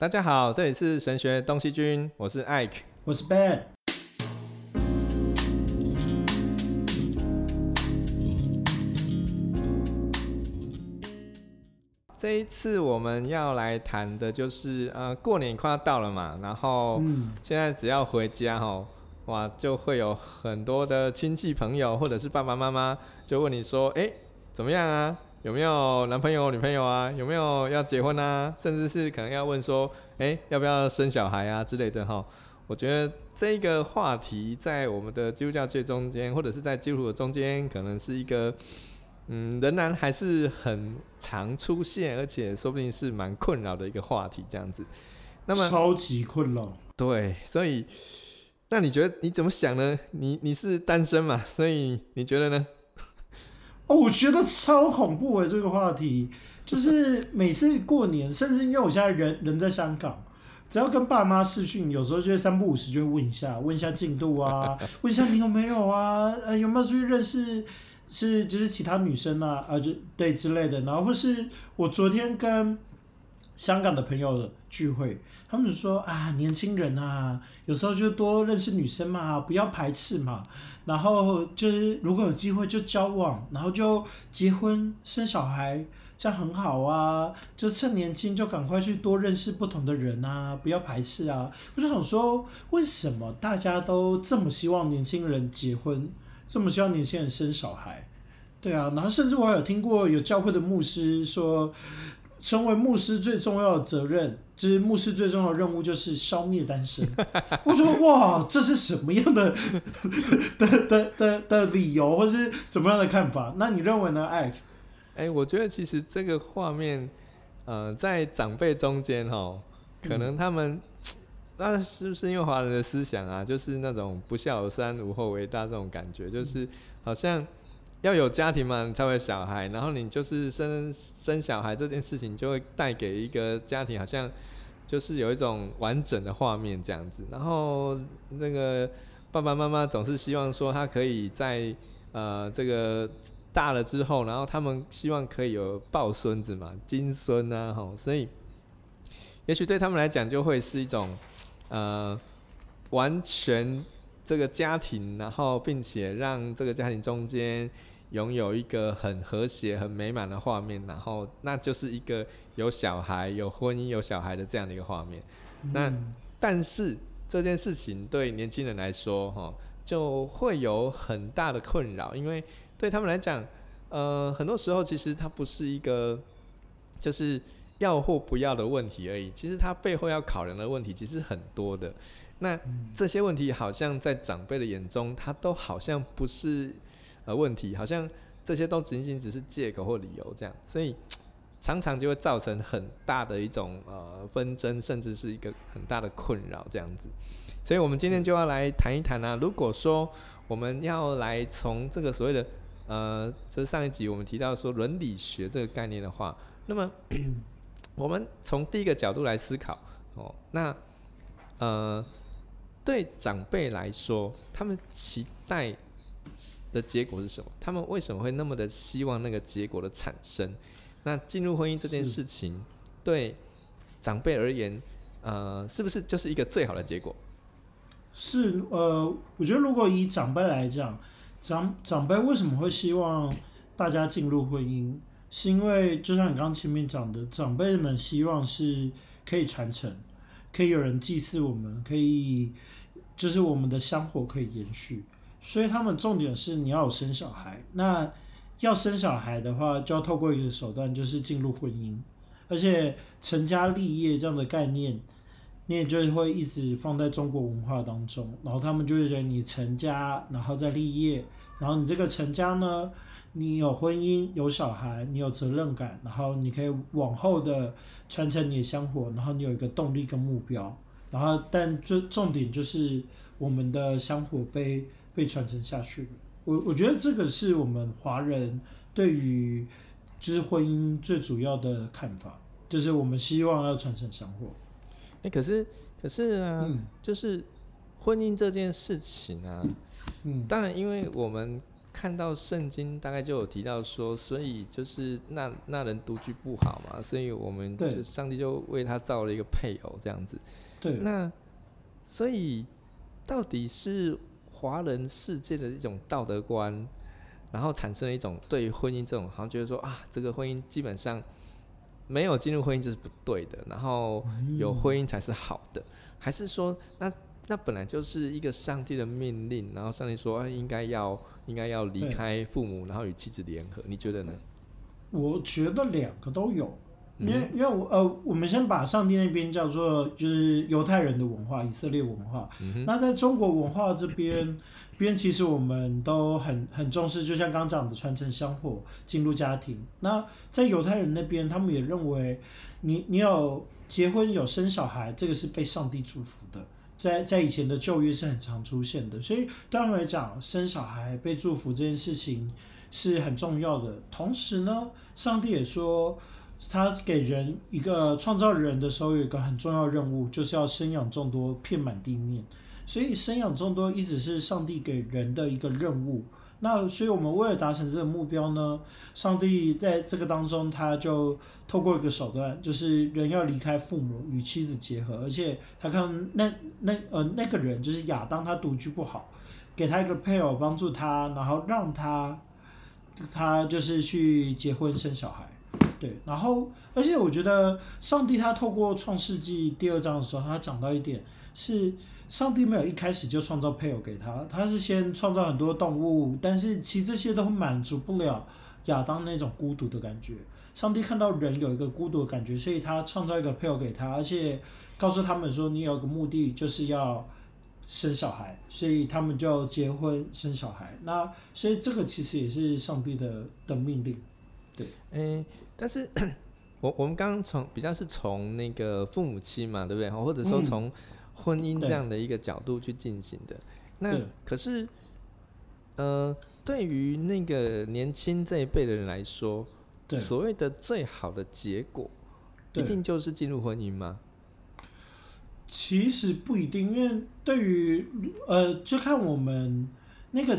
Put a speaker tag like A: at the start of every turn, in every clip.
A: 大家好，這裡是神學東西君，我是艾克，
B: 我是 Ben。
A: 這一次我們要來談的就是，呃，過年快要到了嘛，然後現在只要回家哦，哇，就會有很多的親戚朋友或者是爸爸媽媽就問你說，哎，怎麼樣啊？有沒有男朋友女朋友啊？有沒有要結婚啊？甚至是可能要問說，哎、欸，要不要生小孩啊之類的哈？我覺得這個話題在我們的基督教界中間，或者是在基督徒的中間，可能是一個，嗯，仍然還是很常出現，而且說不定是蠻困擾的一個話題這樣子。
B: 那麼超
A: 級困擾。對，所以那你覺得你怎麼想呢？你你是單身嘛？所以你覺得呢？
B: 哦，我覺得超恐怖的這個話題，就是每次過年，甚至因為我現在人人在香港，只要跟爸媽視訊，有時候就會三不五時就會問一下，問一下進度啊，問一下你有沒有啊，呃，有沒有出去認識，是就是其他女生啊，啊，就對之類的，然後或是我昨天跟。香港的朋友的聚會，他們就說啊，年輕人啊，有時候就多認識女生嘛，不要排斥嘛。然後就是如果有機會就交往，然後就結婚生小孩，這樣很好啊。就趁年輕就趕快去多認識不同的人啊，不要排斥啊。我就想說，為什麼大家都這麼希望年輕人結婚，這麼希望年輕人生小孩？對啊，然後甚至我還有聽過有教會的牧師說。成為牧師最重要的責任，就是牧師最重要的任務就是消滅單身。 我說哇，這是什麼樣的 的的的,的,的理由，或是什麼樣的看法？那你認為呢？哎，哎、
A: 欸，我覺得其實這個畫面，呃，在長輩中間哈、哦，可能他們那、嗯、是不是因為華人的思想啊，就是那種不孝有三，無後為大這種感覺，嗯、就是好像。要有家庭嘛，你才會小孩。然後你就是生生小孩這件事情，就會帶給一個家庭，好像就是有一種完整的畫面這樣子。然後那個爸爸媽媽總是希望說，他可以在呃這個大了之後，然後他們希望可以有抱孫子嘛，金孫啊，吼。所以也許對他們來講，就會是一種呃完全這個家庭，然後並且讓這個家庭中間。擁有一個很和諧、很美滿的畫面，然後那就是一個有小孩、有婚姻、有小孩的這樣的一個畫面。那但是這件事情對年輕人來說，吼，就會有很大的困擾，因為對他們來講，呃，很多時候其實它不是一個就是要或不要的問題而已，其實它背後要考量的問題其實很多的。那這些問題好像在長輩的眼中，他都好像不是。問題好像這些都僅僅只是借口或理由這樣，所以常常就會造成很大的一種呃紛爭，甚至是一個很大的困擾這樣子。所以我們今天就要來談一談啊，如果說我們要來從這個所謂的呃，就是上一集我們提到說倫理學這個概念的話，那麼 我們從第一個角度來思考哦，那呃，對長輩來說，他們期待。的結果是什麼？他們為什麼會那麼的希望那個結果的產生？那進入婚姻這件事情，對長輩而言，呃，是不是就是一個最好的結果？
B: 是呃，我覺得如果以長輩來講，長長輩為什麼會希望大家進入婚姻？是因為就像你剛前面講的，長輩們希望是可以傳承，可以有人祭祀我們，可以就是我們的香火可以延續。所以他們重點是你要有生小孩，那要生小孩的話，就要透過一個手段，就是進入婚姻，而且成家立業這樣的概念，你也就是會一直放在中國文化當中。然後他們就會覺得你成家，然後再立業，然後你這個成家呢，你有婚姻，有小孩，你有責任感，然後你可以往後的傳承你的香火，然後你有一個動力跟目標。然後但最重點就是我們的香火被。被傳承下去，我我覺得這個是我們華人對於就是婚姻最主要的看法，就是我們希望要傳承香火。
A: 哎、欸，可是可是啊、嗯，就是婚姻這件事情啊，嗯，當然因為我們看到聖經大概就有提到說，所以就是那那人獨居不好嘛，所以我們就上帝就為他造了一個配偶這樣子。對，那所以到底是華人世界的一種道德觀，然後產生了一種對婚姻這種，好像覺得說啊，這個婚姻基本上沒有進入婚姻就是不對的，然後有婚姻才是好的，嗯、還是說那那本來就是一個上帝的命令，然後上帝說、啊、應該要應該要離開父母，然後與妻子聯合，你覺得呢？
B: 我覺得兩個都有。因、嗯、因為，呃，我們先把上帝那邊叫做就是猶太人的文化，以色列文化。嗯、那在中國文化這邊，邊其實我們都很很重視，就像剛講的傳承香火、進入家庭。那在猶太人那邊，他們也認為你，你你有結婚有生小孩，這個是被上帝祝福的。在在以前的舊約是很常出現的，所以對他們來講，生小孩被祝福這件事情是很重要的。同時呢，上帝也說。他給人一個創造人的時候，有一個很重要任務，就是要生養眾多，遍滿地面。所以生養眾多一直是上帝給人的一個任務。那所以我們為了達成這個目標呢，上帝在這個當中他就透過一個手段，就是人要離開父母，與妻子結合。而且他看那那呃那個人就是亞當，他獨居不好，給他一個配偶幫助他，然後讓他他就是去結婚生小孩。對，然後，而且我覺得，上帝他透過創世紀第二章的時候，他講到一點是，上帝沒有一開始就創造配偶給他，他是先創造很多動物，但是其實這些都滿足不了亞當那種孤獨的感覺。上帝看到人有一個孤獨的感覺，所以他創造一個配偶給他，而且告訴他們說，你有個目的就是要生小孩，所以他們就要結婚生小孩。那所以這個其實也是上帝的的命令。
A: 哎、欸，但是，我我們剛剛從比較是從那個父母親嘛，對不對、哦？或者說從婚姻這樣的一個角度去進行的。嗯、那可是，呃，對於那個年輕這一輩的人來說，所謂的最好的結果，一定就是進入婚姻嗎？
B: 其實不一定，因為對於呃，就看我們那個。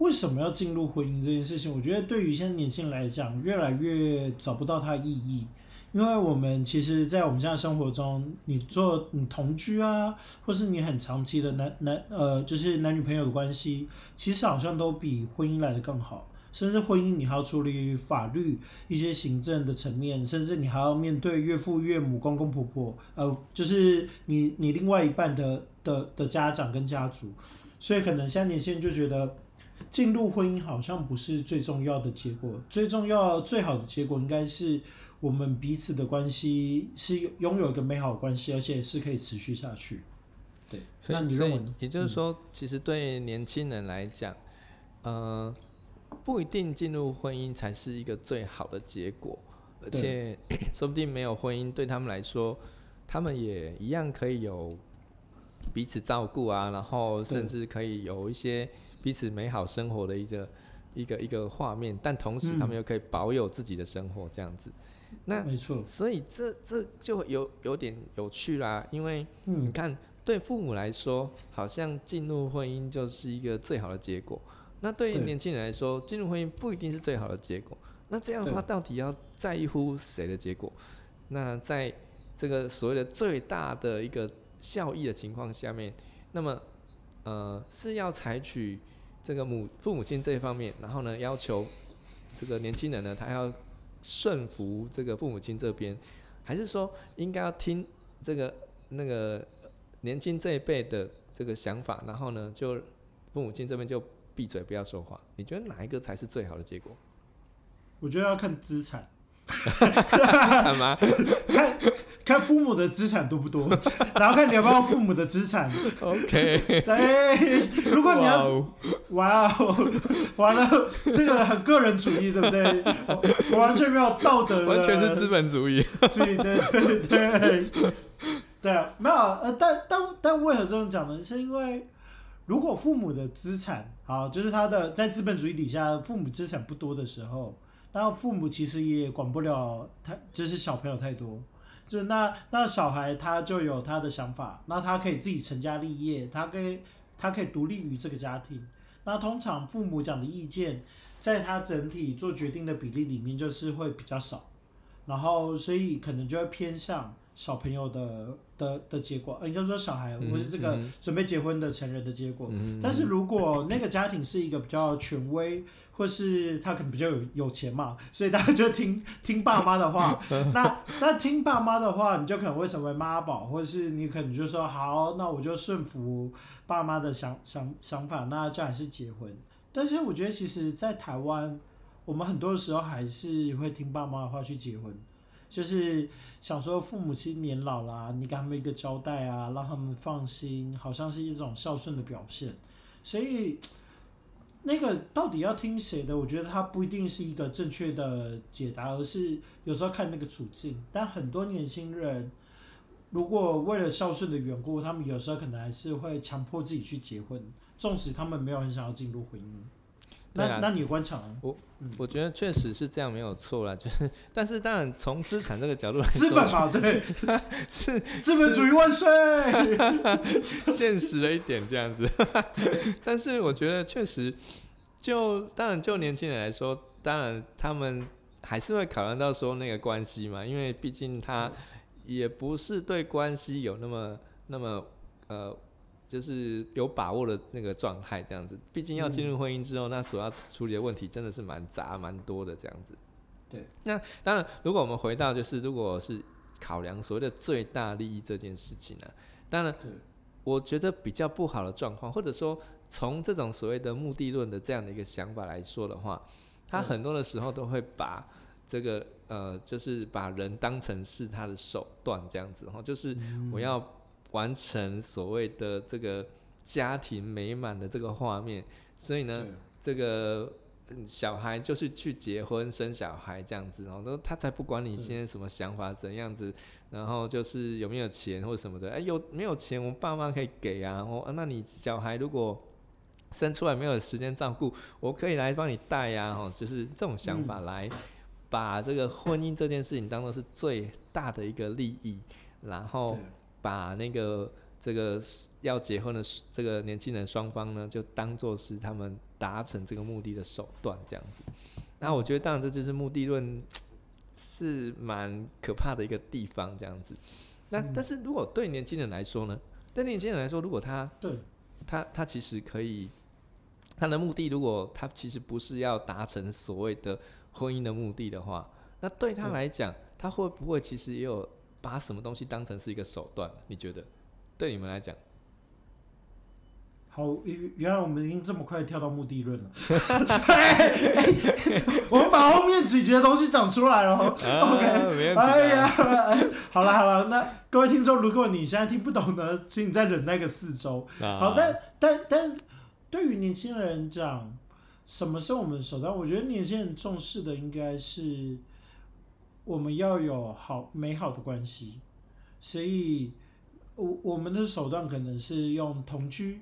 B: 為什麼要進入婚姻這件事情？我覺得對於現在年輕人來講，越來越找不到它的意義。因為我們其實，在我們現在生活中，你做你同居啊，或是你很長期的男男呃，就是男女朋友的關係，其實好像都比婚姻來得更好。甚至婚姻，你還要處理法律一些行政的層面，甚至你還要面對岳父岳母、公公婆婆，呃，就是你你另外一半的的的家長跟家族。所以可能現在年輕人就覺得。進入婚姻好像不是最重要的結果，最重要、最好的結果應該是我們彼此的關係是擁有一個美好的關係，而且是可以持續下去。對，所以那你認為？
A: 也就是說，嗯、其實對年輕人來講，呃，不一定進入婚姻才是一個最好的結果，而且說不定沒有婚姻對他們來說，他們也一樣可以有彼此照顧啊，然後甚至可以有一些。彼此美好生活的一個一個一個畫面，但同時他們又可以保有自己的生活這樣子。
B: 嗯、那沒錯，
A: 所以這這就有有點有趣啦，因為你看，嗯、對父母來說，好像進入婚姻就是一個最好的結果；那對於年輕人來說，進入婚姻不一定是最好的結果。那這樣的話，到底要在乎誰的結果？那在這個所謂的最大的一個效益的情況下面，那麼呃是要採取。這個母父母親這一方面，然後呢，要求這個年輕人呢，他要順服這個父母親這邊，還是說應該要聽這個那個年輕這一輩的這個想法，然後呢，就父母親這邊就閉嘴不要說話，你覺得哪一個才是最好的結果？
B: 我覺得要看資產，資 產 慘嗎？ 看父母的資產多不多， 然後看你有沒有父母的資產。 OK，對，如果你要，wow. 哇哦，完了，這個很個人主義，對不對？
A: 我完全沒有道德 完全是資本主義。 對對
B: 對對，對，對，沒有呃，但但但為何這麼講呢？是因為如果父母的資產好，就是他的在資本主義底下，父母資產不多的時候，然後父母其實也管不了太，就是小朋友太多。就那那小孩他就有他的想法，那他可以自己成家立業，他可以他可以獨立於這個家庭。那通常父母講的意見，在他整體做決定的比例裡面就是會比較少，然後所以可能就會偏向小朋友的的的結果，呃，應該說小孩或是這個準備結婚的成人的結果。嗯嗯。但是如果那個家庭是一個比較權威，或是他可能比較有有錢嘛，所以大家就聽聽爸媽的話。 那那聽爸媽的話，你就可能會成為媽寶，或是你可能就說好，那我就順服爸媽的想想想法，那就還是結婚。但是我覺得，其實，在台灣，我們很多時候還是會聽爸媽的話去結婚。就是想說，父母親年老了啊，你給他們一個交代啊，讓他們放心，好像是一種孝順的表現。所以，那個到底要聽誰的？我覺得他不一定是一個正確的解答，而是有時候看那個處境。但很多年輕人，如果為了孝順的緣故，他們有時候可能還是會強迫自己去結婚，縱使他們沒有很想要進入婚姻。啊、那那
A: 你觀察、啊、我，我覺得確實是這樣沒有錯了，就是但是當然從資產這個角度來說，資本對， 是，是，是資本主義萬歲， 現實了一點這樣子， 對 但是我覺得確實就當然就年輕人來說，當然他們還是會考量到說那個關係嘛，因為畢竟他也不是對關係有那麼那麼呃。就是有把握的那個狀態，這樣子。畢竟要進入婚姻之後，那所要處理的問題真的是蠻雜、蠻多的，這樣子。對。那當然，如果我們回到就是，如果是考量所謂的最大利益這件事情呢，啊，當然，我覺得比較不好的狀況，或者說從這種所謂的目的論的這樣的一個想法來說的話，他很多的時候都會把這個呃，就是把人當成是他的手段，這樣子哈，就是我要。完成所謂的這個家庭美滿的這個畫面，所以呢，這個小孩就是去結婚生小孩這樣子哦，都他才不管你現在什麼想法怎樣子，然後就是有沒有錢或什麼的，哎，有沒有錢，我爸媽可以給啊。哦，那你小孩如果生出來沒有時間照顧，我可以來幫你帶呀。哦，就是這種想法來，把這個婚姻這件事情當做是最大的一個利益，然後。把那個這個要結婚的這個年輕人雙方呢，就當做是他們達成這個目的的手段這樣子。那我覺得，當然這就是目的論是蠻可怕的一個地方這樣子。那但是如果對年輕人來說呢？對年輕人來說，如果他，他，他他其實可以，他的目的如果他其實不是要達成所謂的婚姻的目的的話，那對他來講，他會不會其實也有？把什麼東西當成是一個手段？你覺得，對你們來講，
B: 好，原原來我們已經這麼快跳到目的論
A: 了， 欸欸、 我們把後面幾
B: 節的東西講出來了、哦啊。OK，哎、啊、呀、啊啊，好了好了，那各位聽眾，如果你現在聽不懂呢，請你再忍耐個四周。好，啊、但但但對於年輕人講，什麼是我們的手段？我覺得年輕人重視的應該是。我們要有好美好的關係，所以我我們的手段可能是用同居，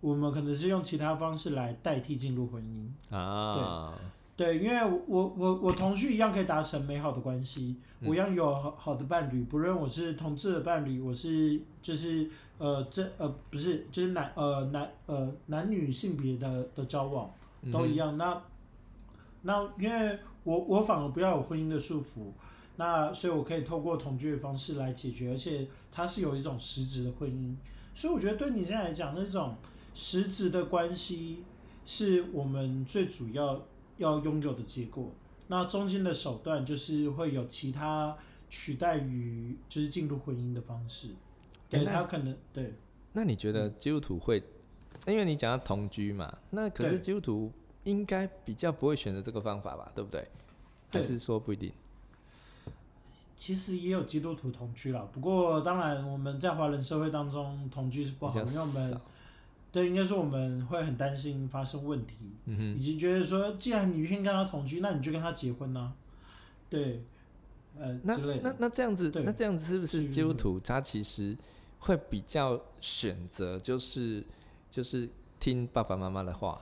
B: 我們可能是用其他方式來代替進入婚姻啊。對，對，因為我我我同居一樣可以達成美好的關係，我一樣有好好的伴侶，不論我是同志的伴侶，我是就是呃這呃不是就是男呃男呃男女性別的的交往都一樣。嗯、那那因為。我我反而不要有婚姻的束縛，那所以我可以透過同居的方式來解決，而且它是有一種實質的婚姻，所以我覺得對你現在來講，那種實質的關係是我們最主要要擁有的結果。那中間的手段就是會有其他取代於就是進入婚姻的方式，
A: 欸、對，他可能對。那你覺得基督徒會、嗯，因為你講到同居嘛，那可是基督徒。應該比較不會選擇這個方法吧，對不對？對，還是說不一定？
B: 其實也有基督徒同居了，不過當然我們在華人社會當中同居是不好的，因為我們對，應該是我們會很擔心發生問題，嗯哼，以及覺得說既然，你願意跟他同居，那你就跟他結婚呢？啊？對，呃，那那那，那這樣子對，那這樣子是不是基督徒？他
A: 其實會比較選擇，就是就是聽爸爸媽媽的話。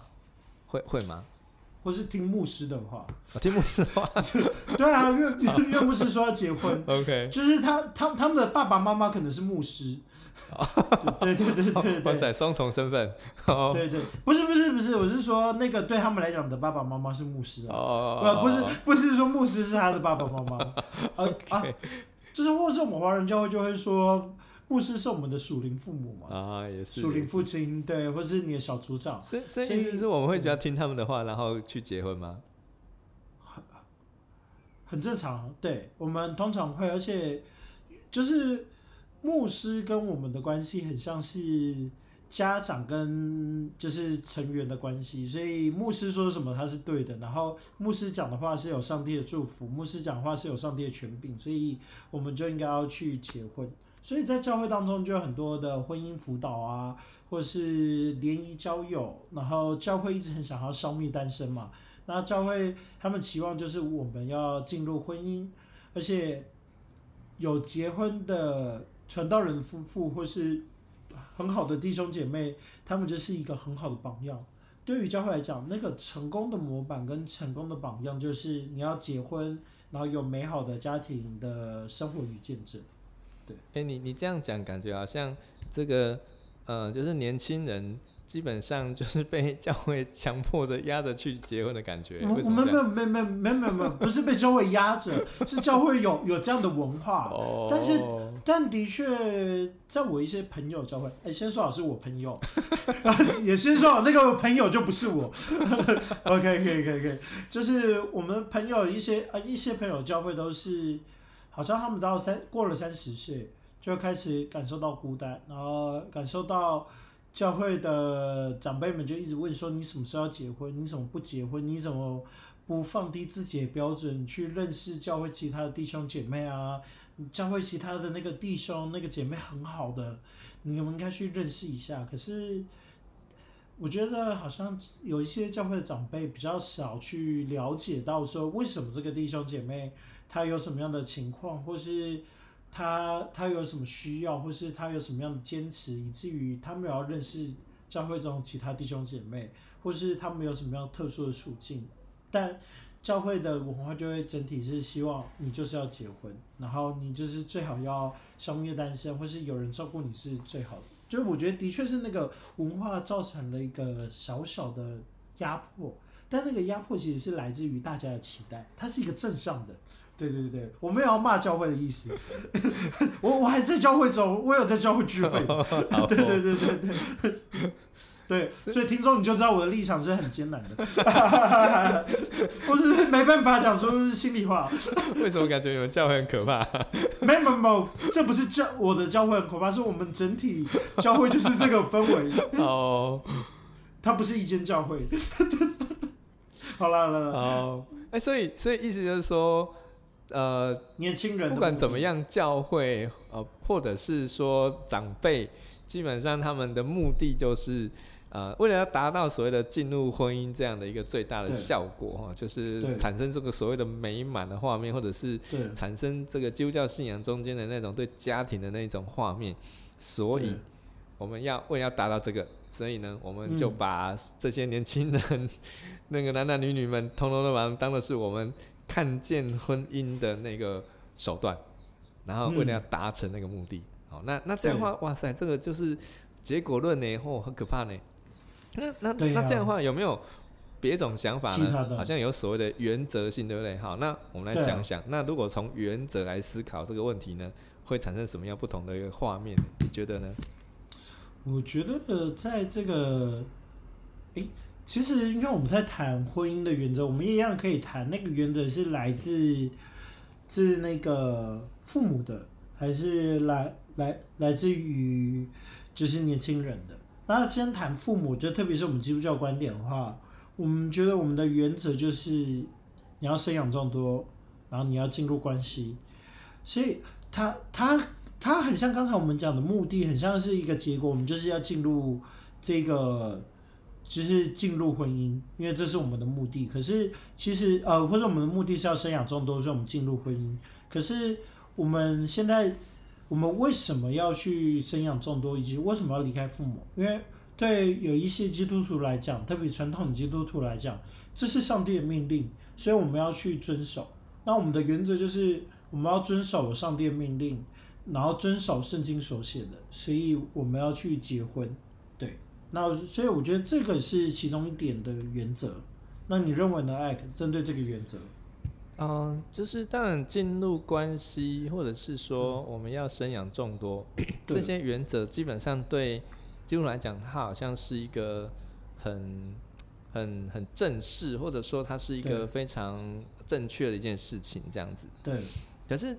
A: 會會嗎？
B: 或是聽牧師的話、
A: 哦？聽牧師的話？
B: 對啊，又又牧師說要結婚。
A: OK，就
B: 是他他他們的爸爸媽媽可
A: 能是牧師。 對，對，對對對對對， 哇塞，雙重身份。 對，對
B: 對，不是不是不是，我是說那個對他們來講的爸爸媽媽是牧師哦不 不是不是說牧師是他的爸爸媽媽。 啊、 OK，、啊、就是或是我們華人教會就會說。牧師是我們的屬靈父母嘛？
A: 啊，也是屬靈父
B: 親，對，或者是你的小組長。
A: 所以，所以是我們會比較聽他們的話，嗯、然後去結婚嗎？很
B: 很正常，對，我們通常會，而且就是牧師跟我們的關係很像是家長跟就是成員的關係，所以牧師說什麼他是對的，然後牧師講的話是有上帝的祝福，牧師講的話是有上帝的權柄，所以我們就應該要去結婚。所以在教會當中，就有很多的婚姻輔導啊，或是聯誼交友。然後教會一直很想要消滅單身嘛，那教會他們期望就是我們要進入婚姻，而且有結婚的傳道人夫婦，或是很好的弟兄姐妹，他們就是一個很好的榜樣。對於教會來講，那個成功的模板跟成功的榜樣，就是你要結婚，然後有美好的家庭的生活與見證。
A: 哎、欸，你你這樣講，感覺好像這個，呃，就是年輕人基本上就是被教會強迫着壓着去結婚的感覺。我我們沒有
B: 沒沒沒沒有，不是被教會壓着， 是教會有有這樣的文化。Oh. 但是，但的確，在我一些朋友教會，哎、欸，先說好是我朋友，然後、 啊、也先說好那個朋友就不是我。 OK，可以可以可以，就是我們朋友一些啊，一些朋友教會都是。好像他們到三過了三十歲，就開始感受到孤單，然後感受到教會的長輩們就一直問說：“你什麼時候要結婚？你怎麼不結婚？你怎麼不放低自己的標準去認識教會其他的弟兄姐妹啊？教會其他的那個弟兄那個姐妹很好的，你們應該去認識一下。”可是我覺得好像有一些教會的長輩比較少去了解到說，為什麼這個弟兄姐妹，他有什麼樣的情況，或是他他有什麼需要，或是他有什麼樣的堅持，以至於他沒有要認識教會中其他弟兄姐妹，或是他沒有什麼樣特殊的處境，但教會的文化就會整體是希望你就是要結婚，然後你就是最好要消滅單身，或是有人照顧你是最好的。就是我覺得的確是那個文化造成了一個小小的壓迫，但那個壓迫其實是來自於大家的期待，它是一個正向的。對對對，我沒有要罵教會的意思， 我我還在教會中，我有在教會聚會。
A: 對，對對對對
B: 對， 對，所以聽眾你就知道我的立場是很艱難的，或 是沒辦法講出心裡話。
A: 為什麼感覺你們教會很可怕？
B: 沒沒有，這不是教我的教會很可怕，是我們整體教會就是這個氛
A: 圍。 好哦， 它
B: 不是一間教會。
A: 好了好了，好，哎、 欸，所以所以意思就是說。呃，年輕人不管怎麼樣教會，呃，或者是說長輩，基本上他們的目的就是，呃，為了要達到所謂的進入婚姻這樣的一個最大的效果哈，啊，就是產生這個所謂的美滿的畫面，或者是產生這個基督教信仰中間的那種對家庭的那種畫面，所以我們要為了要達到這個，所以呢，我們就把這些年輕人，嗯、 那個男男女女們，通通都把他們當的是我們看見婚姻的那個手段，然後為了要達成那個目的，嗯、好，那那這樣的話，哇塞，這個就是結果論呢，或，哦、很可怕呢。那那、啊、那這樣的話，有沒有別種想法呢？好像有所謂的原則性，對不對？好，那我們來想想，啊、那如果從原則來思考這個問題呢，會產生什麼樣不同的一個畫面？你覺得呢？
B: 我覺得在這個，欸其實，因為我們在談婚姻的原則，我們一樣可以談那個原則是來自自那個父母的，還是來來來自於就是年輕人的。那先談父母，就特別是我們基督教觀點的話，我們覺得我們的原則就是你要生養眾多，然後你要進入關係，所以他他他很像剛才我們講的目的，很像是一個結果，我們就是要進入這個。就是進入婚姻，因為這是我們的目的。可是其實，呃，或者我們的目的是要生養眾多，所以我們進入婚姻。可是我們現在，我們為什麼要去生養眾多，以及為什麼要離開父母？因為對有一些基督徒來講，特別傳統基督徒來講，這是上帝的命令，所以我們要去遵守。那我們的原則就是，我們要遵守上帝的命令，然後遵守聖經所寫的，所以我們要去結婚。那所以我覺得這個是其中一點的原則。那你認為呢？艾克針對這個原則，嗯、
A: 呃，就是當然進入關係，或者是說我們要生養眾多，嗯，這些原則基本上對基督徒來講，它好像是一個很、很、很正式，或者說它是一個非常正確的一件事情，這樣子。對。可是，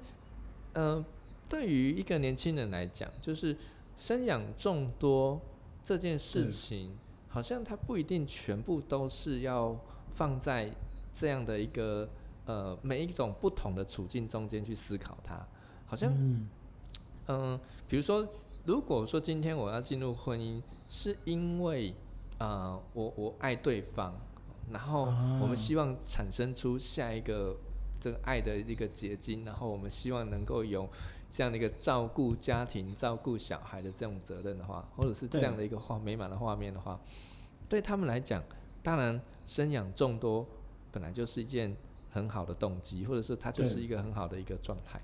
A: 呃，對於一個年輕人來講，就是生養眾多。這件事情好像它不一定全部都是要放在這樣的一個呃每一種不同的處境中間去思考它，好像嗯，呃、比如說如果說今天我要進入婚姻，是因為啊、呃，我我愛對方，然後我們希望產生出下一個這個愛的一個結晶，然後我們希望能夠有。這樣的一個照顧家庭、照顧小孩的這種責任的話，或者是這樣的一個畫美滿的畫面的話，對，對他們來講，當然生養眾多本來就是一件很好的動機，或者是他就是一個很好的一個狀態。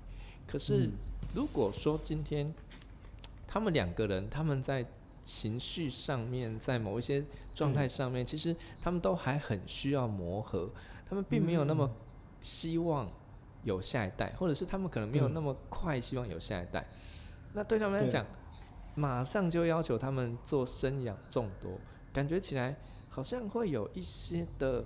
A: 可是如果說今天他們兩個人，他們在情緒上面，在某一些狀態上面，其實他們都還很需要磨合，他們並沒有那麼希望。有下一代，或者是他們可能沒有那麼快希望有下一代，嗯、那對他們來講，馬上就要求他們做生養眾多，感覺起來好像會有一些的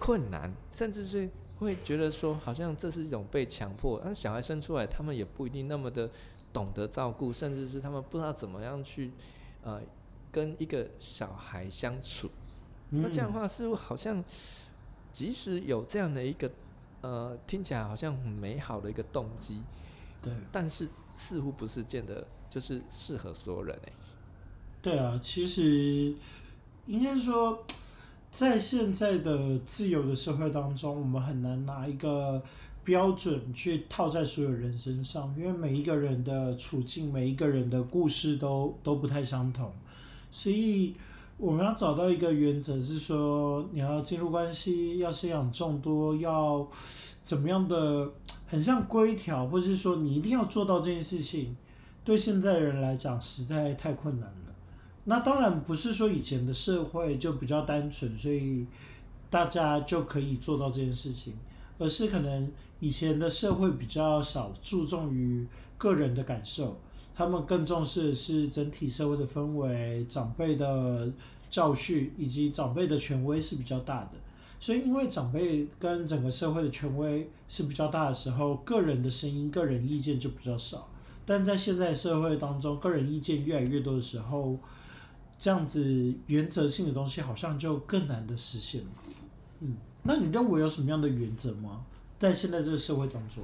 A: 困難，甚至是會覺得說好像這是一種被強迫。那小孩生出來，他們也不一定那麼的懂得照顧，甚至是他們不知道怎麼樣去呃跟一個小孩相處。嗯、那這樣的話，似乎好像即使有這樣的一個。呃，聽起來好像很美好的一個動機，對，但是似乎不是見得就是適合所有人欸。
B: 對啊，其實應該說，在現在的自由的社會當中，我們很難拿一個標準去套在所有人身上，因為每一個人的處境、每一個人的故事都都不太相同，所以。我們要找到一個原則，是說你要進入關係，要生養眾多，要怎麼樣的，很像規條，或是說你一定要做到這件事情，對現在人來講實在太困難了。那當然不是說以前的社會就比較單純，所以大家就可以做到這件事情，而是可能以前的社會比較少注重於個人的感受。他們更重視的是整體社會的氛圍、長輩的教訓以及長輩的權威是比較大的，所以因為長輩跟整個社會的權威是比較大的時候，個人的聲音、個人意見就比較少。但在現在社會當中，個人意見越來越多的時候，這樣子原則性的東西好像就更難的實現了。嗯，那你認為有什麼樣的原則嗎？在現在這個社會當中？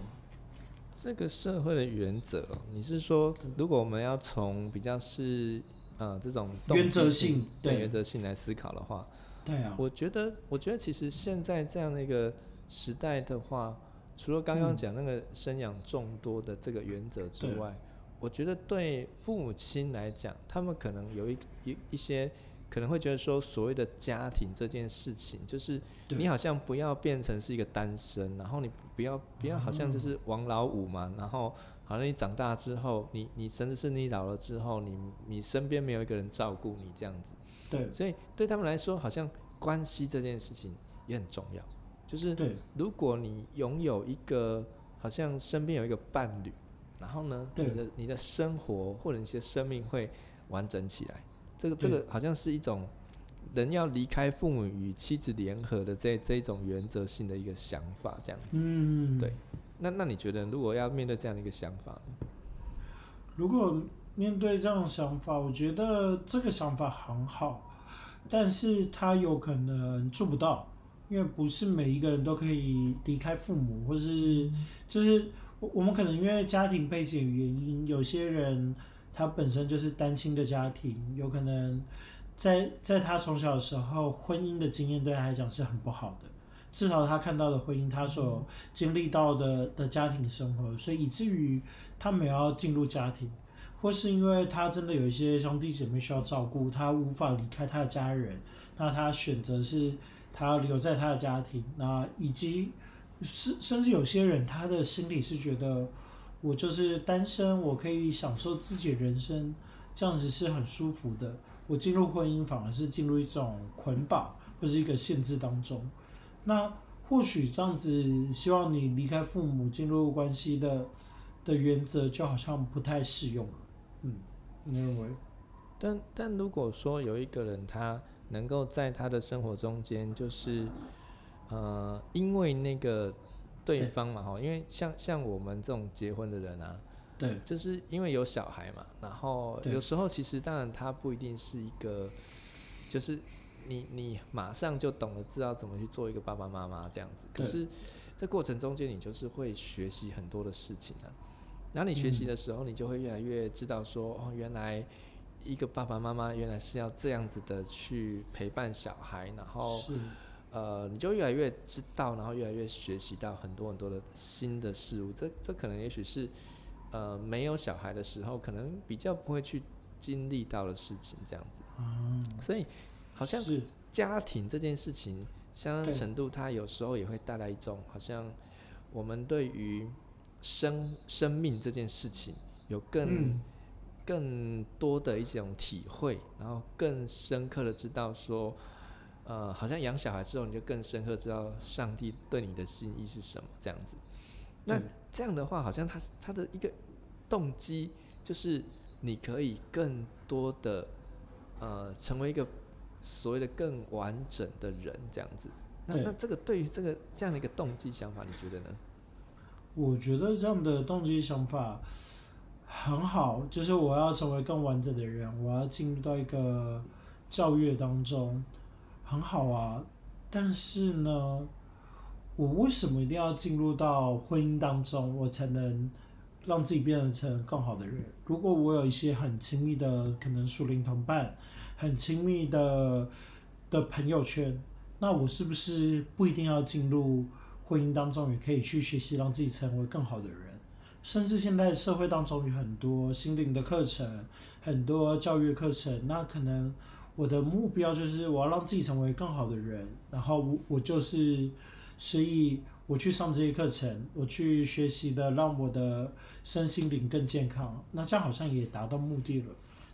A: 這個社會的原則，你是說，如果我們要從比較是、呃、這種原則性、對、對原則性來思考的話，對啊，我覺得，我覺得其實現在這樣的一個時代的話，除了剛剛講那個生養眾多的這個原則之外，嗯、我覺得對父母親來講，他們可能有一一一些。可能會覺得說，所謂的家庭這件事情，就是你好像不要變成是一個單身，然後你不要不要好像就是王老五嘛、嗯，然後好像你長大之後，你你甚至是你老了之後，你你身邊沒有一個人照顧你這樣子。對。所以對他們來說，好像關係這件事情也很重要。就是，如果你擁有一個好像身邊有一個伴侶，然後呢，對。你的你的生活或者你的生命會完整起來。這個這個好像是一種人要離開父母與妻子聯合的這這一種原則性的一個想法，這樣子。嗯，對。那那你覺得如果要面對這樣的一個想法呢？
B: 如果面對這樣想法，我覺得這個想法很好，但是他有可能做不到，因為不是每一個人都可以離開父母，或是就是我我們可能因為家庭背景原因，有些人。他本身就是單親的家庭，有可能在在他從小的時候，婚姻的經驗對他來講是很不好的，至少他看到的婚姻，他所經歷到的的家庭生活，所以以至於他沒有要進入家庭，或是因為他真的有一些兄弟姐妹需要照顧，他無法離開他的家人，那他選擇是他留在他的家庭，那以及甚甚至有些人他的心裡是覺得。我就是單身，我可以享受自己人生，這樣子是很舒服的。我進入婚姻，反而是進入一種捆綁或者是一個限制當中。那或許這樣子，希望你離開父母進入關係的的原則，就好像不太適用了。嗯，你
A: 認為？但但如果說有一個人，他能夠在他的生活中間，就是呃，因為那個。對方嘛，吼，因為像像我們這種結婚的人啊，對，就是因為有小孩嘛，然後有時候其實當然他不一定是一個，就是你你馬上就懂得知道怎麼去做一個爸爸媽媽這樣子，可是這過程中間你就是會學習很多的事情啊，然後你學習的時候你就會越來越知道說、嗯、哦，原來一個爸爸媽媽原來是要這樣子的去陪伴小孩，然後。呃，你就越來越知道，然後越來越學習到很多很多的新的事物。這這可能也許是，呃，沒有小孩的時候可能比較不會去經歷到的事情，這樣子。嗯。所以，好像家庭這件事情，相當程度，它有時候也會帶來一種好像我們對於生生命這件事情有更，嗯，更多的一種體會，然後更深刻的知道說。呃，好像養小孩之後，你就更深刻知道上帝對你的心意是什麼這樣子。那這樣的話，好像他他的一個動機就是你可以更多的呃成為一個所謂的更完整的人這樣子。那那這個對於這個這樣的一個動機想法，你覺得呢？
B: 我覺得這樣的動機想法很好，就是我要成為更完整的人，我要進入到一個教育當中。很好啊，但是呢，我為什麼一定要進入到婚姻當中，我才能讓自己變成更好的人？如果我有一些很親密的可能，熟齡同伴，很親密的的朋友圈，那我是不是不一定要進入婚姻當中，也可以去學習，讓自己成為更好的人？甚至現在社會當中有很多心靈的課程，很多教育課程，那可能。我的目標就是我要讓自己成為更好的人，然後我我就是，所以我去上這些課程，我去學習的，讓我的身心靈更健康。那這樣好像也達到目的了。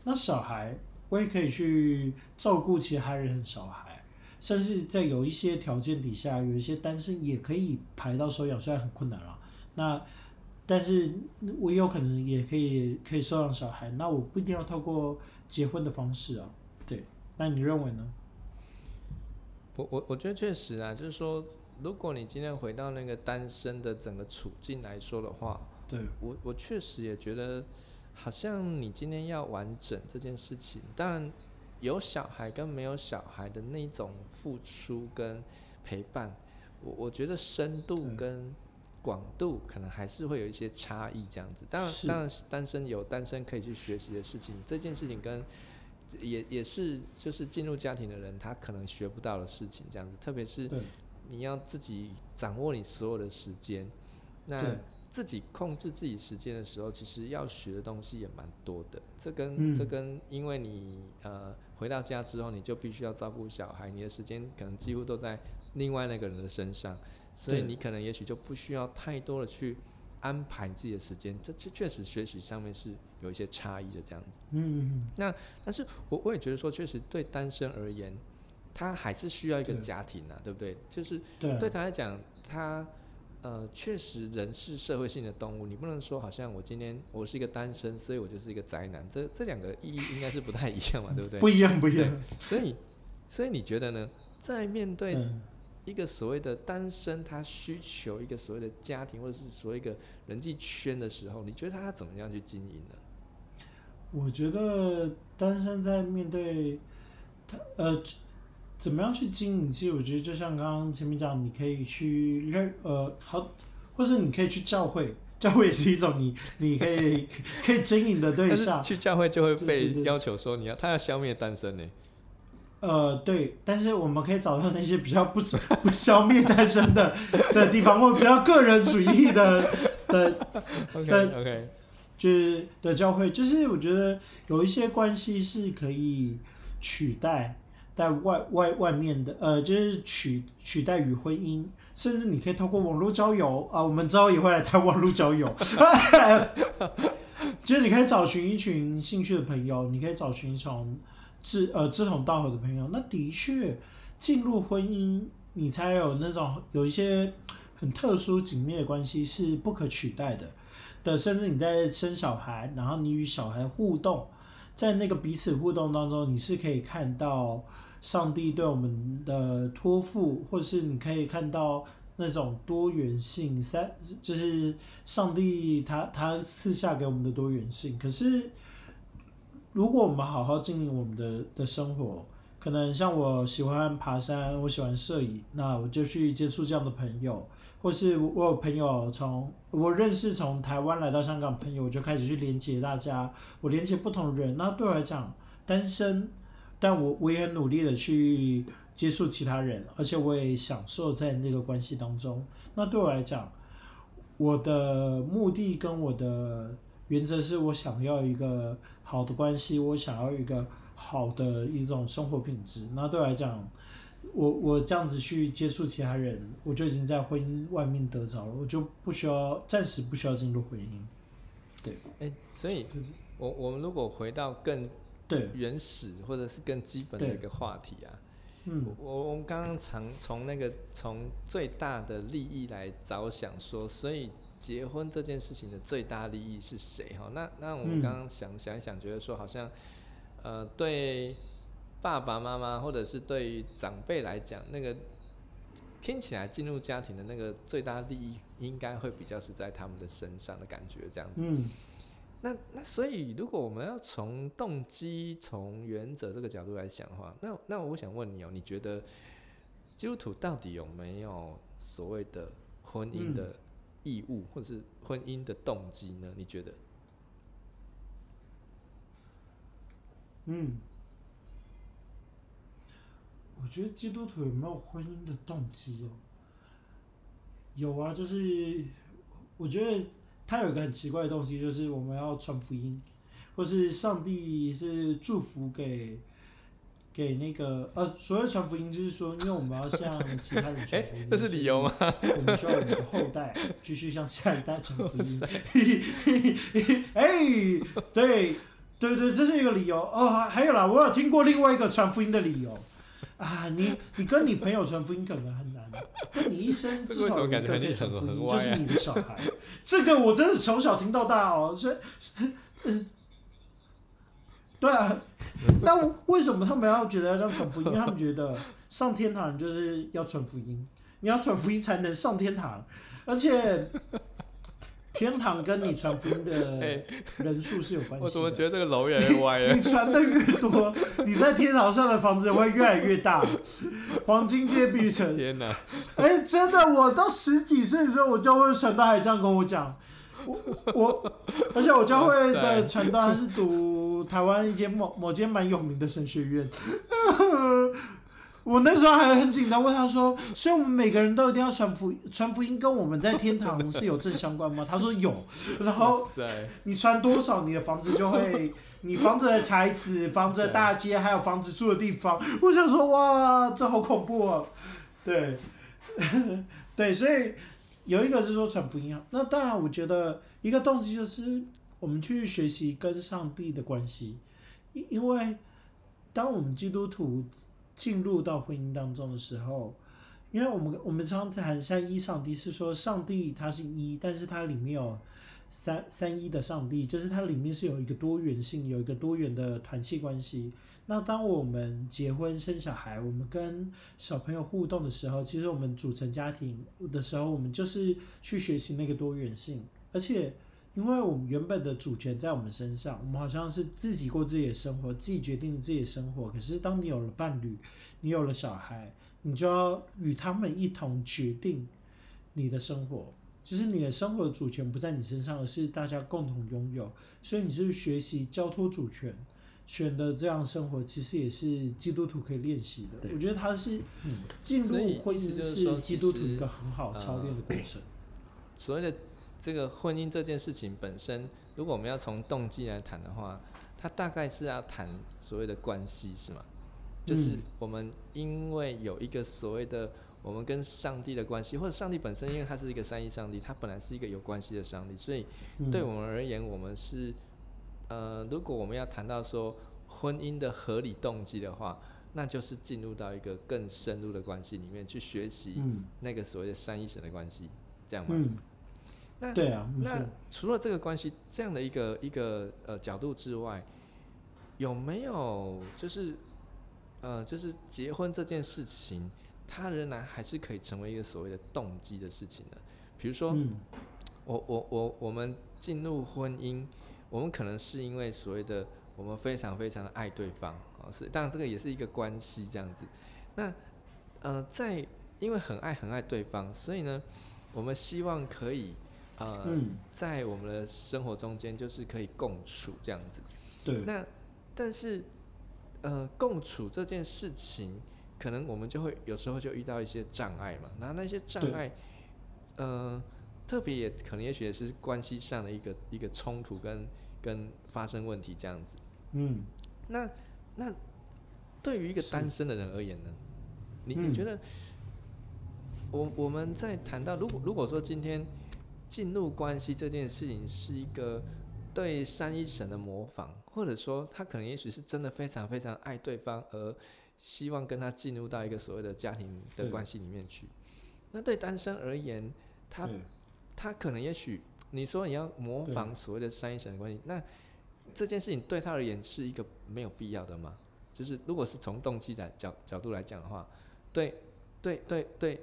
B: 那小孩我也可以去照顧其他人小孩，甚至在有一些條件底下，有一些單身也可以排到收養，雖然很困難了，那但是我有可能也可以可以收養小孩，那我不一定要透過結婚的方式啊。那你認為呢？
A: 我我我覺得確實啊，就是說，如果你今天回到那個單身的整個處境來說的話，對，我我確實也覺得，好像你今天要完整這件事情，但有小孩跟沒有小孩的那種付出跟陪伴，我我覺得深度跟廣度可能還是會有一些差異這樣子。當然，當然是單身有單身可以去學習的事情，這件事情跟。也也是就是進入家庭的人，他可能學不到的事情這樣子，特別是你要自己掌握你所有的時間，那自己控制自己時間的時候，其實要學的東西也蠻多的。這跟，嗯，這跟因為你呃回到家之後，你就必須要照顧小孩，你的時間可能幾乎都在另外那個人的身上，所以你可能也許就不需要太多的去。安排自己的時間，這確確實學習上面是有一些差異的這樣子。嗯，那但是我我也覺得說，確實對單身而言，他還是需要一個家庭啊，對，對不對？就是對他來講，他呃，確實人是社會性的動物，你不能說好像我今天我是一個單身，所以我就是一個宅男，這這兩個意義應該是不太一樣嘛， 對不對？不一樣，不一樣。所以，所以你覺得呢？在面對、嗯。一個所謂的單身，他需求一個所謂的家庭，或者是所謂一個人際圈的時候，你覺得他要怎麼樣去經營呢？
B: 我覺得單身在面對他呃，怎麼樣去經營？其實我覺得就像剛剛前面講，你可以去認呃好，或者你可以去教會，教會也是一種你你可以 可以經營的對象。去
A: 教會就會被要求說你要對對對，他要消滅單身呢、欸。
B: 呃，對，但是我們可以找到那些比較不不消滅單身的 的地方，或者比較個人主義的的, 的 OK、OK，就是的教會，就是我覺得有一些關係是可以取代在外外外面的，呃，就是取取代與婚姻，甚至你可以透過網絡交友啊、呃，我們之後也會來談網絡交友，哈哈。就是你可以找尋一群興趣的朋友，你可以找尋一種。志呃，志同道合的朋友，那的確進入婚姻，你才有那種有一些很特殊緊密的關係是不可取代的。對，甚至你在生小孩，然後你與小孩互動，在那個彼此互動當中，你是可以看到上帝對我們的託付，或是你可以看到那種多元性三，就是上帝他他賜下給我們的多元性，可是。如果我們好好經營我們的的生活，可能像我喜歡爬山，我喜歡攝影，那我就去接觸這樣的朋友，或是我有朋友從我認識從台灣來到香港朋友，我就開始去連接大家，我連接不同的人。那對我來講，單身，但我我也很努力的去接觸其他人，而且我也享受在那個關係當中。那對我來講，我的目的跟我的。原則是我想要一個好的關係，我想要一個好的一種生活品質。那對我來講，我我這樣子去接觸其他人，我就已經在婚姻外面得着了，我就不需要，暫時不需要進入婚姻。對，
A: 哎、欸，所以我，我我們如果回到更原始或者是更基本的一個話題啊，嗯，我我們剛剛從從那個從最大的利益來着想說，所以，結婚這件事情的最大利益是誰？哈，那那我們剛剛想想一想，覺得說好像，呃，對爸爸媽媽或者是對長輩來講，那個聽起來進入家庭的那個最大利益，應該會比較是在他們的身上的感覺這樣子。嗯、那那所以，如果我們要從動機、從原則這個角度來講的話，那那我想問你哦、喔，你覺得基督徒到底有沒有所謂的婚姻的、嗯？義務，或是婚姻的動機呢？你覺得？
B: 嗯，我覺得基督徒有沒有婚姻的動機喔？有啊，就是我覺得他有一個很奇怪的東西，就是我們要傳福音，或是上帝是祝福給。給那個呃、啊，所謂傳福音，就是說，因為我們要向其他人傳福音、 欸，這是理由嗎？ 我們需要我們的後代繼
A: 續向下一代傳福音。嘿嘿
B: 哎，對對對，這是一個理由哦。還有啦，我有聽過另外一個傳福音的理由啊。你你跟你朋友傳福音可能很難，跟你一生至少你可以傳福音，
A: 這、就是你的小孩。
B: 這個我真的從小聽到大哦，所以。呃對啊，那為什麼他們要覺得要傳福音？因為他們覺得上天堂就是要傳福音，你要傳福音才能上天堂，而且天堂跟你傳福音的人數是有關係、欸。我怎麼覺
A: 得這個樓越來越歪了？你傳
B: 的越多，你在天堂上的房子會越來越大，黃金街碧玉城。天哪！哎、欸，真的，我到十幾歲的時候，我教會傳道還這樣跟我講。我，我，而且我教會的傳道還是讀台灣一間某某間蠻有名的神學院。 我那時候還很緊張，問他說：“所以我們每個人都一定要傳福傳福音，跟我們在天堂是有正相關嗎？”他說有。然後你傳多少，你的房子就會，你房子的材質、 房子的大街，還有房子住的地方。我想說，哇，這好恐怖啊、哦！對， 對，所以。有一個是說傳福音啊，那當然我覺得一個動機就是我們去學習跟上帝的關係，因為當我們基督徒進入到婚姻當中的時候，因為我們我們常談三一上帝是說上帝它是一，但是它裡面有三三一的上帝，就是它裡面是有一個多元性，有一個多元的團契關係。那當我們結婚生小孩，我們跟小朋友互動的時候，其實我們組成家庭的時候，我們就是去學習那個多元性。而且，因為我們原本的主權在我們身上，我們好像是自己過自己的生活，自己決定自己的生活。可是，當你有了伴侶，你有了小孩，你就要與他們一同決定你的生活。就是你的生活的主權不在你身上，而是大家共同擁有。所以，你是學習交托主權。選的這樣生活，其實也是基督徒可以練習的。我覺得他是
A: 嗯、進入婚姻是基督徒一個很好操練的過程。嗯、所謂的這個婚姻這件事情本身，如果我們要從動機來談的話，它大概是要談所謂的關係，是嗎？就是我們因為有一個所謂的我們跟上帝的關係，或者上帝本身，因為他是一個三一上帝，他本來是一個有關係的上帝，所以對我們而言，我們是。呃，如果我們要談到說婚姻的合理動機的話，那就是進入到一個更深入的關係裡面去學習那個所謂的三一神的關係，這樣嗎？嗯、那對啊。那除了這個關係這樣的一個一個呃角度之外，有沒有就是呃就是結婚這件事情，它仍然還是可以成為一個所謂的動機的事情呢？比如說，嗯、我我我我們進入婚姻。我們可能是因為所謂的我們非常非常的愛對方，哦是，當然這個也是一個關係這樣子。那呃在因為很愛很愛對方，所以呢，我們希望可以呃、嗯、在我們的生活中間就是可以共處這樣子。對。那但是呃共處這件事情，可能我們就會有時候就遇到一些障礙嘛，那那些障礙，呃。特別也可能也許也是關係上的一個一個衝突跟跟發生問題這樣子。嗯，那那對於一個單身的人而言呢，你你覺得，嗯、我我們在談到如果如果說今天進入關係這件事情是一個對三一神的模仿，或者說他可能也許是真的非常非常愛對方，而希望跟他進入到一個所謂的家庭的關係裡面去，那對單身而言他、嗯。他可能也許你說你要模仿所謂的三一神的關係，那這件事情對他而言是一個沒有必要的嗎？就是如果是從動機的角角度來講的話，對對對對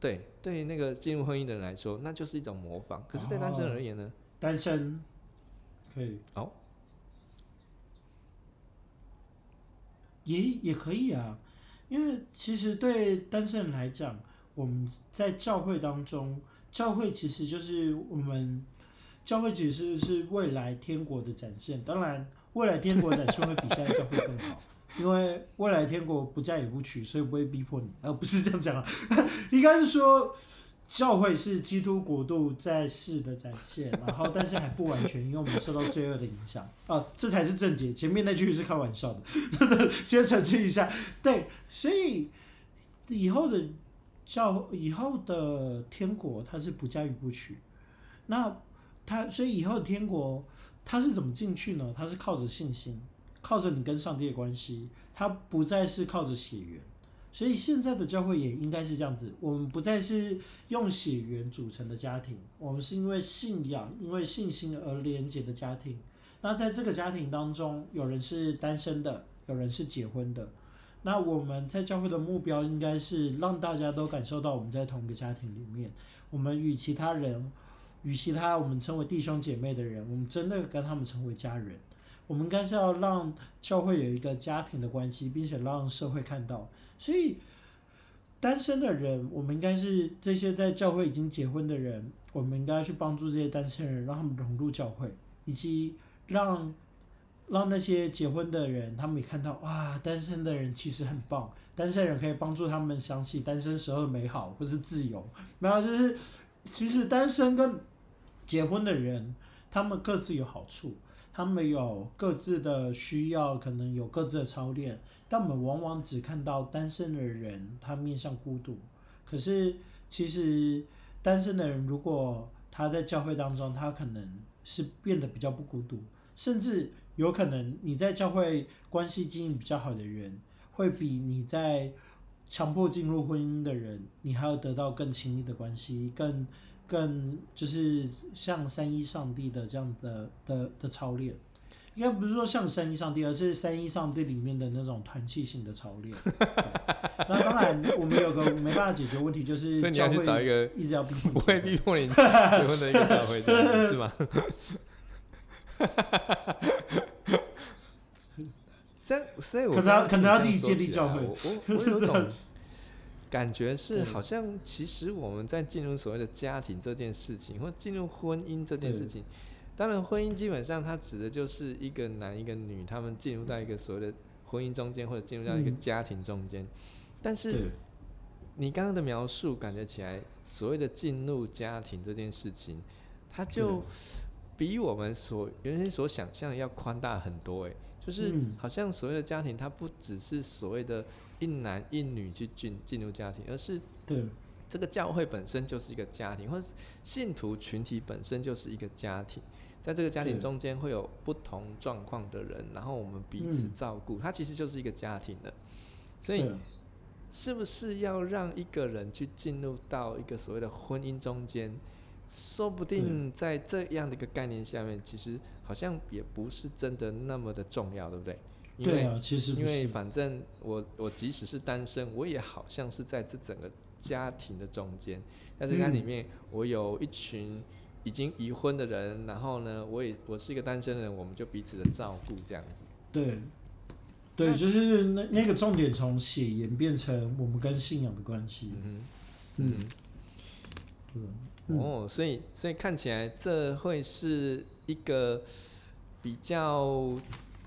A: 對對於那個進入婚姻的人來說，那就是一種模仿。可是對單身而言呢？哦、
B: 單身可以哦，oh? 也也可以啊，因為其實對單身人來講，我們在教會當中。教會其實就是我們，教會其實是未來天國的展現。當然，未來天國展現會比現在教會更好，因為未來天國不嫁也不娶，所以不會逼迫你。呃，不是這樣講啊，應該是說教會是基督國度在世的展現，然後但是還不完全，因為我們受到罪惡的影響啊、呃，這才是正解。前面那句是開玩笑的， 先澄清一下。對，所以以後的。教以後的天國，它是不嫁與不娶，那它，所以以後的天國，它是怎麼進去呢？它是靠着信心，靠着你跟上帝的關係，它不再是靠着血緣。所以現在的教會也應該是這樣子，我們不再是用血緣組成的家庭，我們是因為信仰、因為信心而連結的家庭。那在這個家庭當中，有人是單身的，有人是結婚的。那我們在教會的目標應該是讓大家都感受到我們在同一個家庭裡面，我們與其他人，與其他我們稱為弟兄姐妹的人，我們真的跟他們成為家人。我們應該是要讓教會有一個家庭的關係，並且讓社會看到。所以，單身的人，我們應該是這些在教會已經結婚的人，我們應該去幫助這些單身人，讓他們融入教會，以及讓。讓那些結婚的人，他們也看到哇，單身的人其實很棒，單身人可以幫助他們想起單身時候的美好或是自由。沒有，就是，其實單身跟結婚的人，他們各自有好處，他們有各自的需要，可能有各自的操練。但我們往往只看到單身的人他面向孤獨，可是其實單身的人如果他在教會當中，他可能是變得比較不孤獨。甚至有可能，你在教會關係經營比較好的人，會比你在強迫進入婚姻的人，你還要得到更親密的關係，更更就是像三一上帝的這樣的的的操練。應該不是說像三一上帝，而是三一上帝裡面的那種團契性的操練。 那當然我，我們有個沒辦法解決問題，就是教會要，的要去找一個 一直要逼，迫你結婚的一個教會， 是嗎？ 哈 哈，這樣，所以，我可能要可能要自己建立教會。我我有種
A: 感覺是，好像其實我們在進入所謂的家庭這件事情，或進入婚姻這件事情，當然婚姻基本上它指的就是一個男一個女，他們進入到一個所謂的婚姻中間，或者進入到一個家庭中間。但是你剛剛的描述，感覺起來所謂的進入家庭這件事情，它就。比我們所原先所想象的要寬大很多誒、欸，就是好像所謂的家庭，它不只是所謂的一男一女去進進入家庭，而是對這個教會本身就是一個家庭，或者信徒群體本身就是一個家庭，在這個家庭中間會有不同狀況的人，然後我們彼此照顧，它其實就是一個家庭的，所以是不是要讓一個人去進入到一個所謂的婚姻中間？說不定在這樣的一個概念下面、嗯，其實好像也不是真的那麼的重要，對不對？因為對啊，其實因為反正我我即使是單身，我也好像是在這整個家庭的中間。但是它裡面，我有一群已經已婚的人，嗯、然後呢，我也我是一個單身的人，我們就彼此的照顧這樣子。
B: 對。對，啊、就是那那個重點從血緣變成我們跟信仰的關係。嗯。嗯。
A: 哦，所以所以看起來這會是一個比較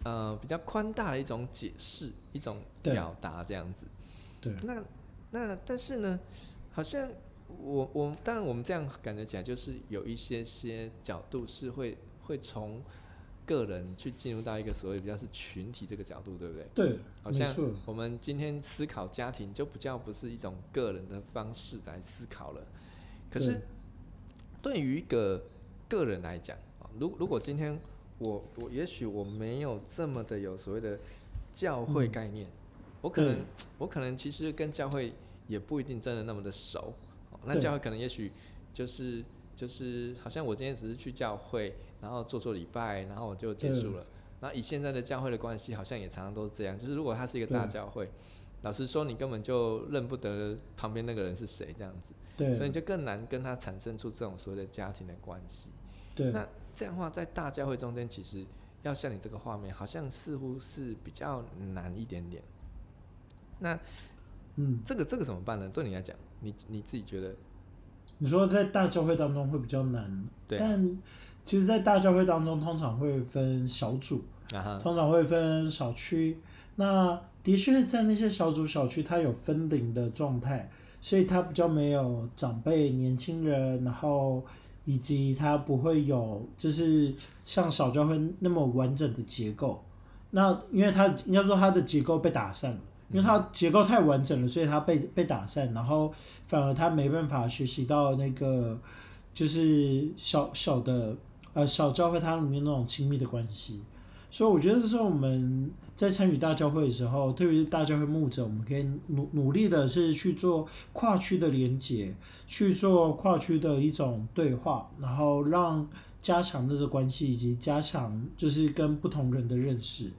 A: 呃比較寬大的一種解釋，一種表達這樣子。對。對那那但是呢，好像我我當然我們這樣感覺起來，就是有一些些角度是會會從個人去進入到一個所謂比較是群體這個角度，對不對？對。好像我們今天思考家庭就比較不是一種個人的方式來思考了，可是。對於一個個人來講，啊，如如果今天我我也許我沒有這麼的有所謂的教會概念，嗯、我可能、嗯、我可能其實跟教會也不一定真的那麼的熟，那教會可能也許就是就是好像我今天只是去教會，然後做做禮拜，然後我就結束了。那以現在的教會的關係，好像也常常都是這樣，就是如果它是一個大教會。老實說，你根本就認不得旁邊那個人是誰，這樣子，對，所以你就更難跟他產生出這種所謂的家庭的關係，對。那這樣的話，在大教會中間，其實要像你這個畫面，好像似乎是比較難一點點。那、這個，嗯，這個這個怎麼辦呢？對你來講，你你自己覺得？
B: 你說在大教會當中會比較難，對。但其實，在大教會當中，通常會分小組，啊、通常會分小區，那。的確，在那些小組小區，它有分齡的狀態，所以它比較沒有長輩、年輕人，然後以及它不會有，就是像小教會那麼完整的結構。那因為它應該說它的結構被打散，因為它結構太完整了，所以它被被打散，然後反而它沒辦法學習到那個就是小小的呃小教會它裡面那種親密的關係。所以我覺得，這是我們在參與大教會的時候，特別是大教會牧者，我們可以努努力的是去做跨區的連接，去做跨區的一種對話，然後讓加強這個關係，以及加強就是跟不同人的認識，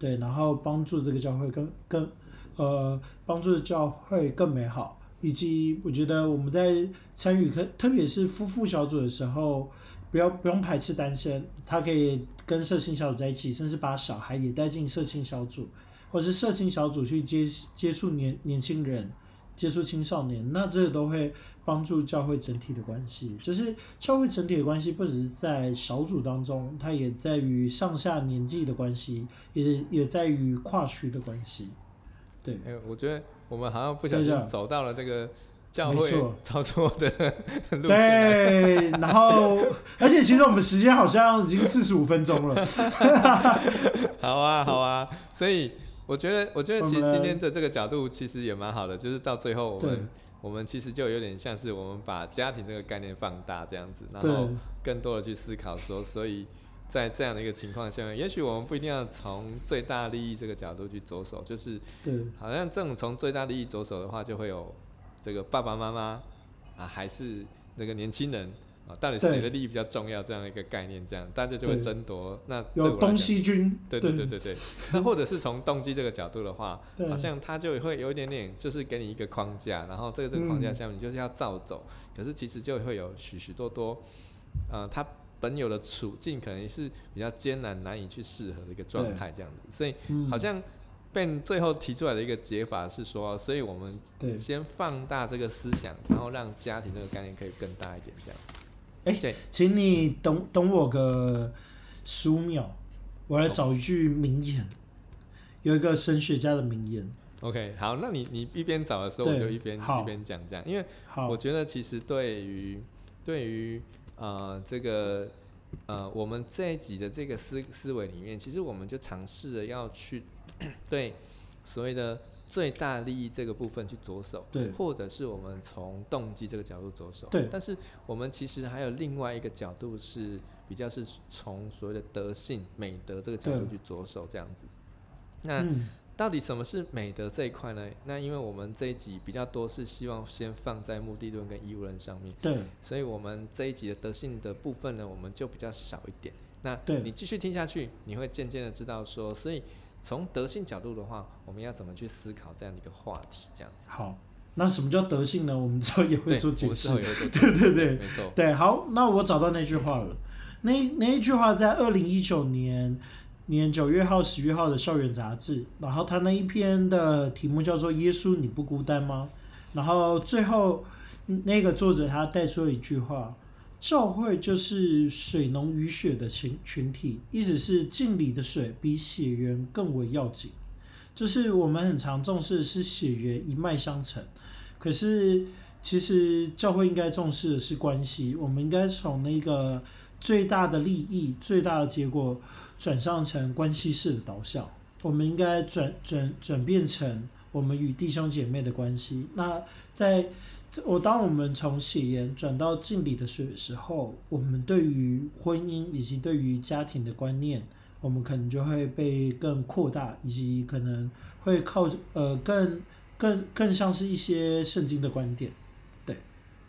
B: 對，然後幫助這個教會更更呃幫助教會更美好，以及我覺得我們在參與特特別是夫婦小組的時候。不要不用排斥單身，他可以跟社青小組在一起，甚至把小孩也帶進社青小組，或是社青小組去接接觸年年輕人，接觸青少年，那這個都會幫助教會整體的關係。就是教會整體的關係，不只是在小組當中，它也在於上下年紀的關係，也也在於跨區的關係。
A: 對，誒，我覺得我們好像不小心走到了這個。教會操作的，對，然
B: 後而且，其實我們時間好像已經四十五分鐘了
A: 好啊好啊，所以我覺得我覺得其實今天的這個角度其實也蠻好的，就是到最後我們我們其實就有點像是我們把家庭這個概念放大這樣子，然後更多的去思考說，所以在這樣的一個情況下面，也許我們不一定要從最大利益這個角度去着手，就是好像這種從最大利益着手的話，就會有。這個爸爸媽媽啊，還是那個年輕人啊，到底誰的利益比較重要？這樣一個概念，這樣大家就會爭奪。對那對有東西軍對對對對對、嗯。那或者是從動機這個角度的話，好像他就會有一點點，就是給你一個框架，然後這個這個框架下面就是要照走、嗯。可是其實就會有許許多多，呃，他本有的處境可能是比較艱難、難以去適合的一個狀態這樣子，所以好像。嗯被最後提出來的一個解法是說，所以我們先放大這個思想，然後讓家庭這個概念可以更大一點，這樣。哎、欸，對，
B: 請你等等我個十五秒，我來找一句名言，oh. 有一個神學家的名言。
A: OK，好，那你你一邊找的時候，我就一邊一邊講這樣，因為我覺得其實對於對於呃這個呃我們這一集的這個思思維裡面，其實我們就嘗試着要去。對，所謂的最大利益這個部分去着手，對，或者是我們從動機這個角度着手，對。但是我們其實還有另外一個角度是比較是從所謂的德性、美德這個角度去着手這樣子。那到底什麼是美德這一塊呢？那因為我們這一集比較多是希望先放在目的論跟義務論上面，對，所以我們這一集的德性的部分呢，我們就比較少一點。那對，你繼續聽下去，你會漸漸的知道說，所以。從德性角度的話，我們要怎麼去思考這樣的一個話題？這樣子。
B: 好，那什麼叫德性呢？我們之後也會做解釋。對，解 對對對，沒錯。對，好，那我找到那句話了。那那一句話在二零一九年年九月號、十月號的《校園雜誌》，然後他那一篇的題目叫做《耶穌你不孤單嗎》。然後最後那個作者他帶出了一句話。教會就是水濃於血的群群體，意思是敬禮的水比血緣更為要緊。就是我們很常重視的是血緣一脈相承，可是其實教會應該重視的是關係。我們應該從那個最大的利益、最大的結果，轉向成關係式的導向。我們應該轉轉轉變成我們與弟兄姐妹的關係。那在。我、哦、當我們從血緣轉到敬禮的水的時候，我們對於婚姻以及對於家庭的觀念，我們可能就會被更擴大，以及可能會靠呃更更更像是一些聖經的觀點。對，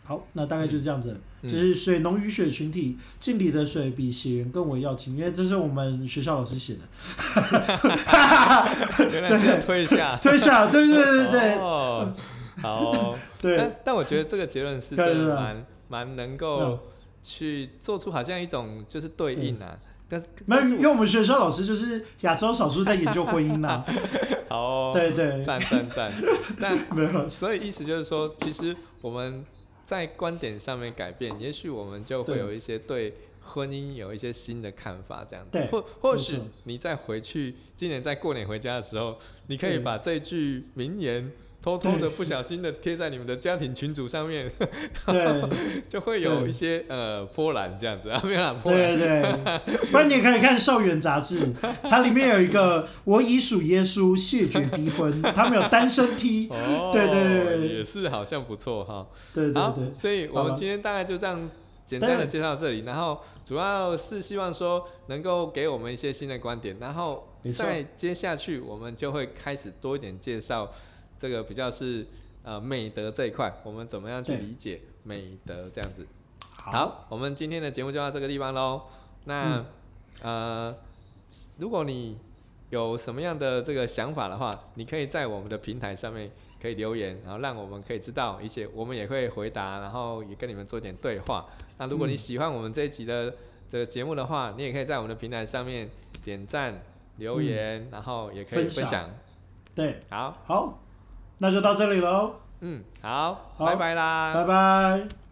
B: 好，那大概就是這樣子，嗯、就是水濃於血群體，敬、嗯、禮的水比血緣更為要緊，因為這是我們學校老師寫的。
A: 對哈哈哈推下， 對 推下 推下，對對對對對。Oh. 呃好、哦對，但但我覺得這個結論是真的，蠻蠻能夠去做出好像一種就是對應啊。嗯、但是，
B: 但是，因為我們學校老師就是亞洲少數在研究婚姻吶、
A: 啊。 好、哦，對對，對，讚讚讚。 但沒有，所以意思就是說，其實我們在觀點上面改變，也許我們就會有一些對婚姻有一些新的看法，這樣子。對。或或許你再回去今年在過年回家的時候，你可以把這句名言。偷偷的、不小心的貼在你們的家庭群組上面，對， 就會有一些呃波瀾這樣子啊，沒有波蘭對對，對 不然你也可以看
B: 少《校園雜誌》，它裡面有一個“我已屬耶穌，謝絕逼婚”， 他們有單身梯。
A: 哦，對對對，也是好像不錯哈。對對對，好、啊，所以我們今天大概就這樣簡單的介紹到這裡，然後主要是希望說能夠給我們一些新的觀點，然後在接下去我們就會開始多一點介紹。這個比較是呃美德這一塊，我們怎麼樣去理解美德？這樣子，好，好，我們今天的節目就到這個地方嘍。那、嗯、呃，如果你有什麼樣的這個想法的話，你可以在我們的平台上面可以留言，然後讓我們可以知道，一些，我們也會回答，然後也跟你們做點對話。那如果你喜歡我們這一集的這個節目的話、嗯，你也可以在我們的平台上面點贊、留言、嗯，然後也可以分享。分享。對，好，
B: 好。那就到這裡嘍。嗯，
A: 好，好，拜拜啦，拜拜。